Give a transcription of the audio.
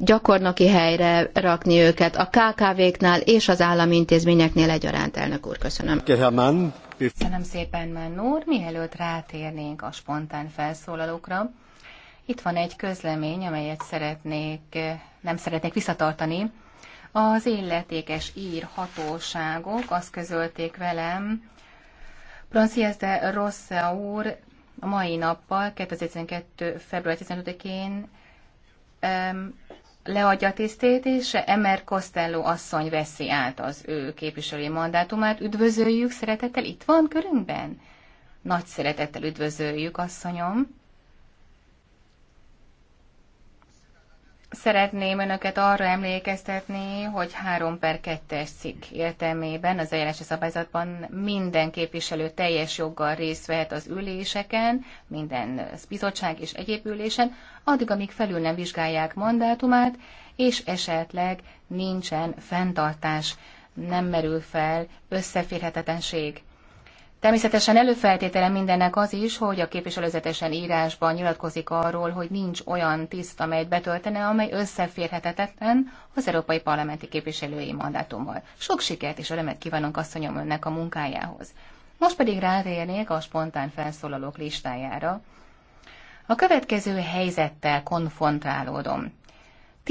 gyakornoki helyre rakni őket a KKV-knál és az állami intézményeknél egyaránt, elnök úr. Köszönöm. Hát Köszönöm szépen, Mann úr. Mielőtt rátérnénk a spontán felszólalókra, itt van egy közlemény, amelyet szeretnék, nem szeretnék visszatartani. Az illetékes ír hatóságok azt közölték velem, Francias de Rossa úr a mai nappal, 2012. február 15-én leadja a tisztét, és Emer Costello asszony veszi át az ő képviselői mandátumát. Üdvözöljük, szeretettel itt van körünkben? Nagy szeretettel üdvözöljük, asszonyom. Szeretném önöket arra emlékeztetni, hogy 3 per 2-es cikk értelmében az eljárási szabályzatban minden képviselő teljes joggal részt vehet az üléseken, minden bizottság és egyéb ülésen, addig, amíg felül nem vizsgálják mandátumát, és esetleg nincsen fenntartás, nem merül fel összeférhetetlenség. Természetesen előfeltétele mindennek az is, hogy a képviselőzetesen írásban nyilatkozik arról, hogy nincs olyan tiszt, amelyet betöltene, amely összeférhetetlen az Európai Parlamenti képviselői mandátummal. Sok sikert és örömet kívánunk asszonyom önnek a munkájához. Most pedig rátérnék a spontán felszólalók listájára. A következő helyzettel konfrontálódom.